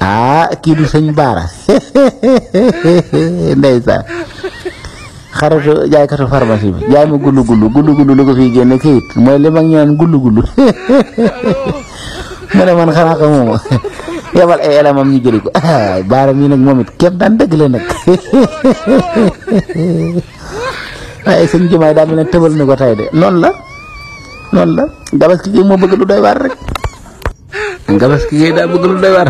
ah kii di sëñ Baara ndeysaan xaritu jaaykatu pharmacie bi jaay ma gulu gulu gulu gulu lu ko fiy këyit mooy li mag gulu gulu mu ne man xanaa xamoo ma yebal elamam ñu jëli ko ah, Baara mii nag moom it kenn daan dëgg la nag waaye sëñ Jumaay daa tëbal na ko tay de noonu la noonu la dabas ki gi moo bëgg lu doy waar rek. nga bas ki da እንቀበስ ከሄዳ doy war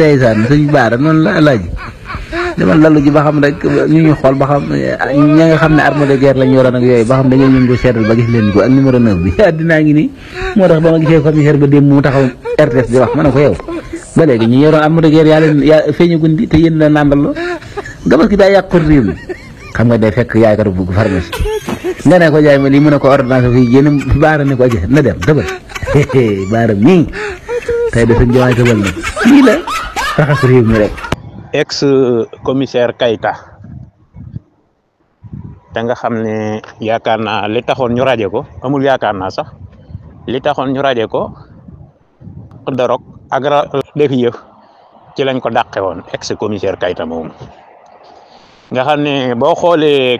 ዳይሳን suñ baar non la laaj demal lalu ji ba xam rek ñu ñu xol ba xam ñi nga xamne arme de guerre lañu waran ak yoy ba xam dañu ñu ngi sétal ba gis leen ko ak numéro 9 bi dina ngi ni mo tax ba ma gisee commissaire ba dem mu taxaw RTS di wax man ko yow ba legi ñi yoro arme de guerre ya leen feñu gundi te yeen la nandal lo gabas ki da yaqul rim xam nga day fekk yaay kar bu pharmacie nga ne ko jaay ma li mu ne ko ordonnance fi yeen baara ne ko aje na dem dabal hehe bareng nih tadi ada senjawa itu bang gila kakak ex commissaire Keita te nga xam ne yaakaar naa li taxoon ñu raje ko amul yaakaar naa sax li taxoon ñu raje ko dorog ak def yëf ci lañ ko dàqe woon ex commissaire Keita moom nga xam ne boo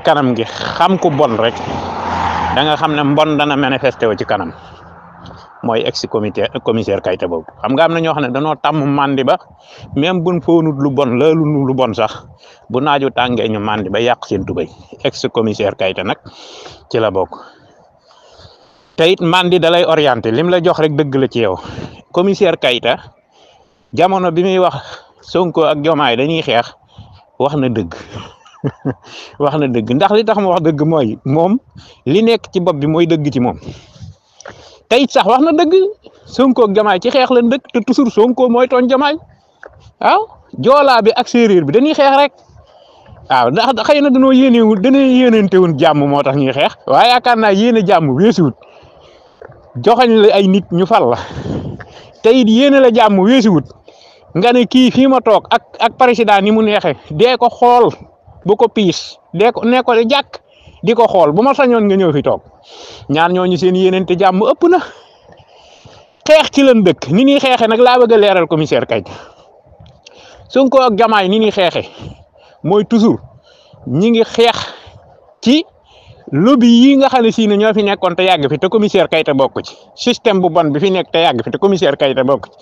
kanam gi xam ku bon rek da nga xam mbon dana ci kanam mooy ex comité commissaire Kayta boobu xam nga am na ñoo xam ne danoo tàmm mandi ba même buñ foonut lu bon laalu lu bon sax bu naaju tàngee ñu mandi ba yàq seen tubay ex commissaire Kayta nag ci la bokk te it mandi dalay orienté lim la jox rek dëgg la ci yow commissaire Kayta jamono bi muy wax Sonko ak Jomaay dañuy xeex wax na dëgg wax na dëgg ndax li tax mu wax dëgg mooy moom li nekk ci bopp bi mooy dëgg ci moom. tey sax wax na dëgg Sonko ak Diomaye ci xeex lañ dëkk te toujours Sonko mooy toon Diomaye waaw joolaa bi ak séréer bi dañuy xeex rek waaw ndax xëy na dañoo yéenewul dañoo yéenentewul jàmm moo tax ñuy xeex waaye yaakaar naa yéene weesi wut joxañ la ay nit ñu fal la te it yéene la jàmm weesuwut nga ne kii fii ma toog ak ak président ni mu neexee dee ko xool bu ko piis dee ko nee ko jàkk di ko xool bu ma sañoon nga ñëw fi toog ñaar ñooñu seen yeneen yéenente jàmm ëpp na xeex ci lan dëkk ni ñuy xeexe nag laa bëgg a leeral commissaire Kay Sonko ak Diomaye ni ñuy xeexe mooy toujours ñi ngi xeex ci lobby yi nga xam ne sii ne ñoo fi nekkoon te yàgg fi te commissaire Kay te bokk ci système bu bon bi fi nekk te yàgg fi te commissaire Kay te bokk ci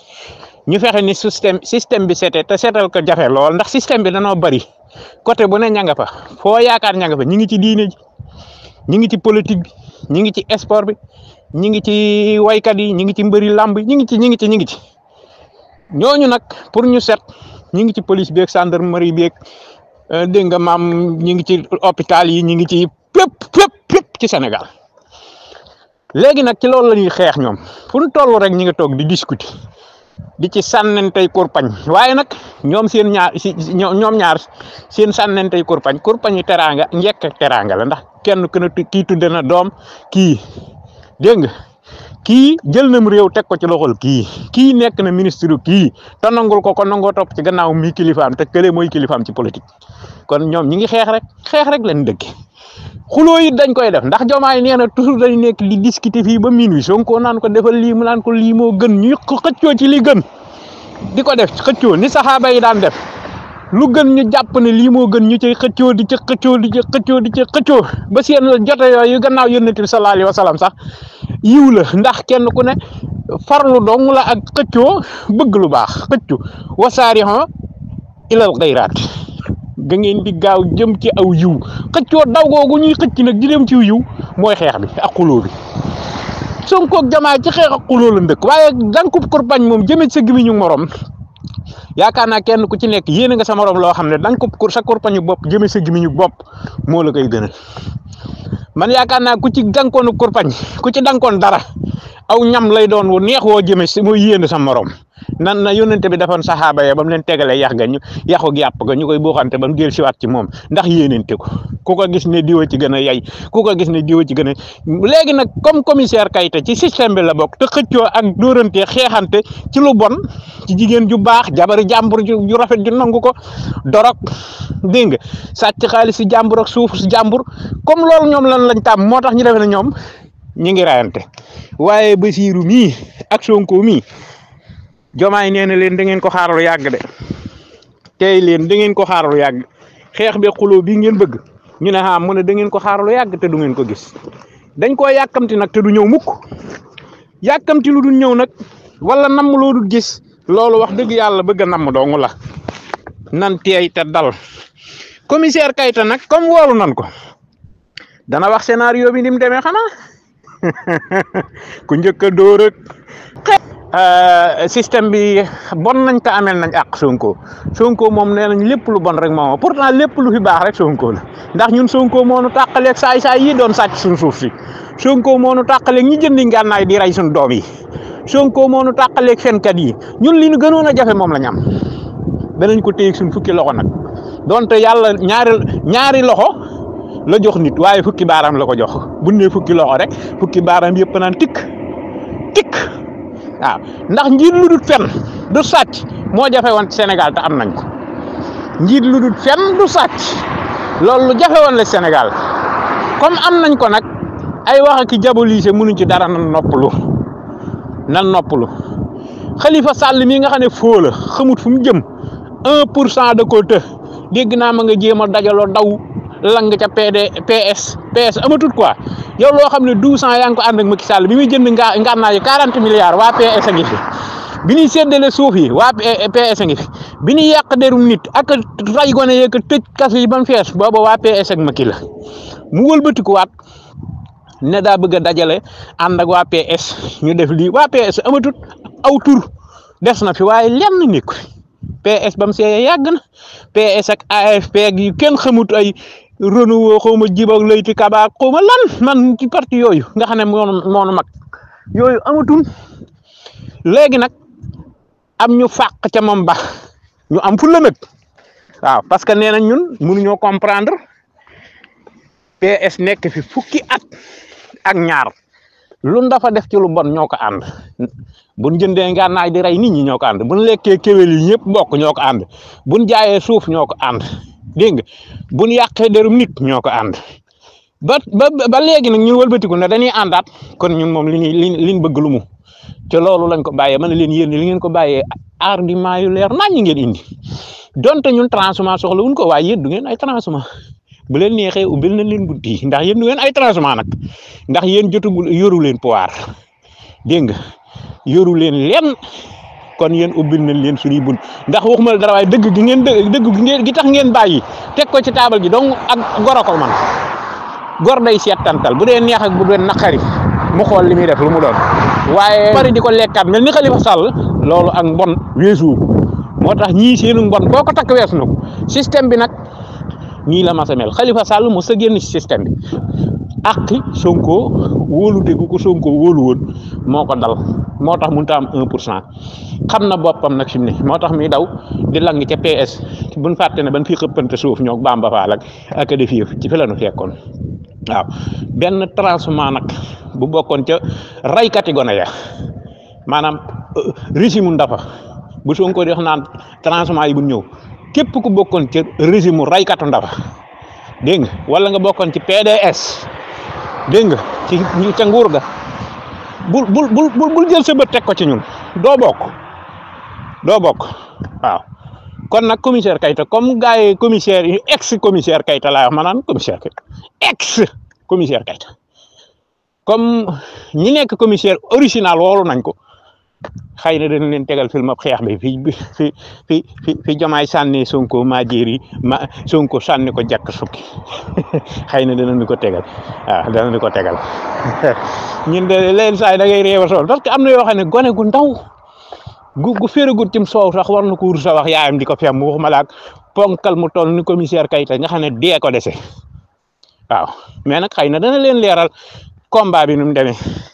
ñu fexe ni système système bi sete te seetal ko jafe lool ndax système bi danoo bari côté bu ne ña nga fa foo yaakaar ña nga fa ñi ngi ci diine ji ñi ngi ci politique bi ñi ngi ci sport bi ñi ngi ci waykat yi ñi ngi ci mbëri làmb ñi ngi ci ñi ngi ci ñi ngi ci ñooñu nag pour ñu set ñi ngi ci police bi ak gendarmerie bi ak dégg nga maam ñi ngi ci hôpital yi ñi ngi ci fépp fépp fépp ci senegal léegi nag ci loolu la ñuy xeex ñoom fu ñu toll rek ñi nga toog di discuter di ci sànnantey kurpañ waaye nag ñoom seen ñaar si ñoom ñaar seen sànnantey kurpañ kurpañu teraanga njekk ak teraanga la ndax kenn ki ne kii tudde na doom kii dégg nga kii jël nam réew teg ko ci loxol kii kii nekk na ministre kii te nangul ko ko nangoo topp ci gannaaw mi kilifaam te kële mooy kilifaam ci politique kon ñoom ñi ngi xeex rek xeex rek lañ dëgg xuloo it dañ koy def ndax jomaa yi nee na toujours dañ nekk di discuter fii ba minuit Sonko naan ko defal lii mu naan ko lii moo gën ñu xëccoo ci li gën di ko def xëccoo ni saxaaba yi daan def lu gën ñu jàpp ne lii moo gën ñu cay xëccoo di ci xëccoo di ci xëccoo di ci xëccoo ba seen jote yooyu gannaaw yonent bi sallallahu alayhi wa sallam sax yiw la ndax kenn ku ne far lu dong la ak xëccoo bëgg lu baax xëccu wasaariho ilal xayraat da ngeen di gaaw jëm ci aw yiw xëccoo daw googu ñuy xëcc nag di dem ci yiw mooy xeex bi ak xuloo bi Sonko ak Diomaye ci xeex ak xuloo la ndëkk waaye dankub kurpañ moom jëmee sa gimiñu morom yaakaar naa kenn ku ci nekk yéen nga sa morom loo xam ne dankub kur sa kurpañu bopp jëmee sa gimiñu bopp moo la koy gënal man yaakaar naa ku ci dankoonu kurpañ ku ci dankoon dara aw ñam lay doon wu neex woo jëmee mooy yéen sa morom. nan na yónnante defoon saxaaba ya ba mu leen tegalee yax ga ñu yaxu yàpp ga ñu koy buuxante ba mu jël siwaat ci moom ndax yéenante ko ku ko gis ne diwa ci gën a yay ku ko gis ne diwa ci gën a léegi nag comme commissaire Kayta ci système bi la bokk te xëccoo ak xeexante ci lu bon ci jigéen ju baax jabari jàmbur ju rafet ju nangu ko dorog dégg nga sàcc xaalis si jàmbur ak suuf si jàmbur comme loolu ñoom lan lañ tam moo tax ñu defee ne ñoom ñu ngi raayante waaye Basiiru mii ak Sonko mii joma ini na leen da ngeen ko xaarul yag de tay len da ngeen ko xaarul yag xex be xulo bi ngeen bëgg ñu ne ha ah, mu ne da ngeen ko xaarul yag te du ngeen ko gis dañ ko yakamti nak te du ñew mukk yakamti lu du ñew nak wala nam du gis loolu wax deug yalla bëgg nam do ngula nan tay te dal commissaire Kayta nak comme wolu nan ko dana wax scénario bi nim démé xana ku ñëk door rek Euh, système bi bon nañ te amel nañ àq Sonko Sonko moom nee nañ lépp lu bon rek moom naa lépp lu fi baax rek Sonko la ndax ñun Sonko moo nu tàqaleeg saay-saay yi doon sàcc suñ suuf si Sonko moo nu tàqaleek ñi jëndi ngànnaay di rey suñ doom yi Sonko moo nu tàqaleeg fenkat yi ñun li nu gënoon a jafe moom la ñu am danañ ko téye suñ fukki loxo nag donte yàlla ñaari ñaari loxo la jox nit waaye fukki baaraam la ko jox bu ne fukki loxo rek fukki baaraam yëpp naan tikk waaw ndax njiit luddut fenn du sacc mo jafe woon Sénégal am nañ ko njir luddut fenn du sacc lolou lu le senegal Sénégal comme am nañ ko nak ay wax ak diaboliser munu ci dara na noppalu na noppalu Khalifa Sall mi nga xane ne la xamut fum jëm 1% de côté da na ma nga jema dajalo daw lang ca PD PS PS amatut quoi yow lo xamne 1200 yang ko and ak Macky Sall bi muy jënd nga nga ngànnaayu 40 milliards wa PS ngi fi bi ni sédélé suuf yi waa PS ngi fi bi ni yàq derum nit ak ray goné yeeg tëj kasse yi ban fess bobo wa PS ak Macky la mu wat né da bëgg dajalé and ak wa PS ñu def li wa PS amatut aw tur dess na fi waye lenn nit PS bam sey seeyee na PS ak AFP ak yu kenn xamut ay renouveau xaw ma jibaak layti kabaak xaw ma lan man ci parti yooyu nga xam ne moonu moonu mag yooyu amatul léegi nag am ñu fàq ca moom ba ñu am fu la waaw parce que nee nañ ñun mënuñoo comprendre PS nekk fi fukki at ak ñaar lu dafa def ci lu bon ñoo ko ànd buñ jëndee ngànnaay di rey nit ñi ñoo ko ànd buñ lekkee kéwél yi ñëpp bokk ñoo ko ànd buñ jaayee suuf ñoo ko ànd dégg nga bu ñu yàqee derum nit ñoo ko ànd ba ba ba léegi nag ñu wëlbatiku ne dañuy àndaat kon ñun moom li ñuy li ñu bëgg lu mu te loolu lañ ko bàyyee ma ne leen yéen li ngeen ko bàyyee argument yu leer ñi ngeen indi donte ñun transhumance soxla wuñ ko waaye yéen du ngeen ay transhumance bu leen neexee ubbil nañ leen guddi ndax yéen du ngeen ay transhumance nag ndax yéen jotagul yoru leen pouvoir dégg nga yoru leen lenn kon yéen ubbil nañ leen suñuy bunt ndax waxuma la dara waaye dëgg gi ngeen dëgg gi ngeen gi tax ngeen bàyyi teg ko ci taabal gi donc ak gor a ko man gor day seetantal bu dee neex ak bu dee naqari mu xool li muy def lu mu doon waaye bari di ko lekkaat mel ni Xalifa sàll loolu ak mbon weesu moo tax ñii seenu mbon boo ko takk weesu na ko système bi nag nii la mas mel Xalifa Sall mos a génn ci système bi àqi Sonko wóolute gu ko Sonko wóolu woon moo ko dal moo tax mënut a am un pour cent xam na boppam nag fi mu ne moo tax muy daw di lang ca PS buñ fàtte ne ban fii xëppante suuf ñoo Bamba Faal ak ak a def yëf ci fi la ñu fekkoon waaw benn transement nag bu bokkoon ca raykati gone ya maanaam euh, régime ndafa bu Sonko di wax naan yi bu ñëw képp ku bokkoon ca régime raykatu ndafa dégg nga nga bokkoon ci PDS dégg nga ci ca nguur ga bul bul bul bul jël sa bët teg ko ci ñun doo bokk doo bokk waaw kon nag commissaire Kayta comme gars yi commissaire yi ex commissaire Kayta laa wax maanaam commissaire Kayta ex commissaire Kayta comme ñi nekk commissaire original woolu nañ ko. xëy na dañ leen tegal film ab xeex bi fi fi fi fi fi sànni sonko maa jéeri ma sonko sànni ko jàkk sukki xëy na danañu ko tegal waaw danañu ko tegal ñun de leen saay da ngay réew sool parce que am na yoo xam ne gone gu ndaw gu gu tim soow sax war na ko wur sa wax yaayam di ko fem mu waxuma laak ponkal mu tol ni commissaire Kayta nga xam ne dee ko dese waaw mais nag xëy na dana leen leeral combat bi nu demee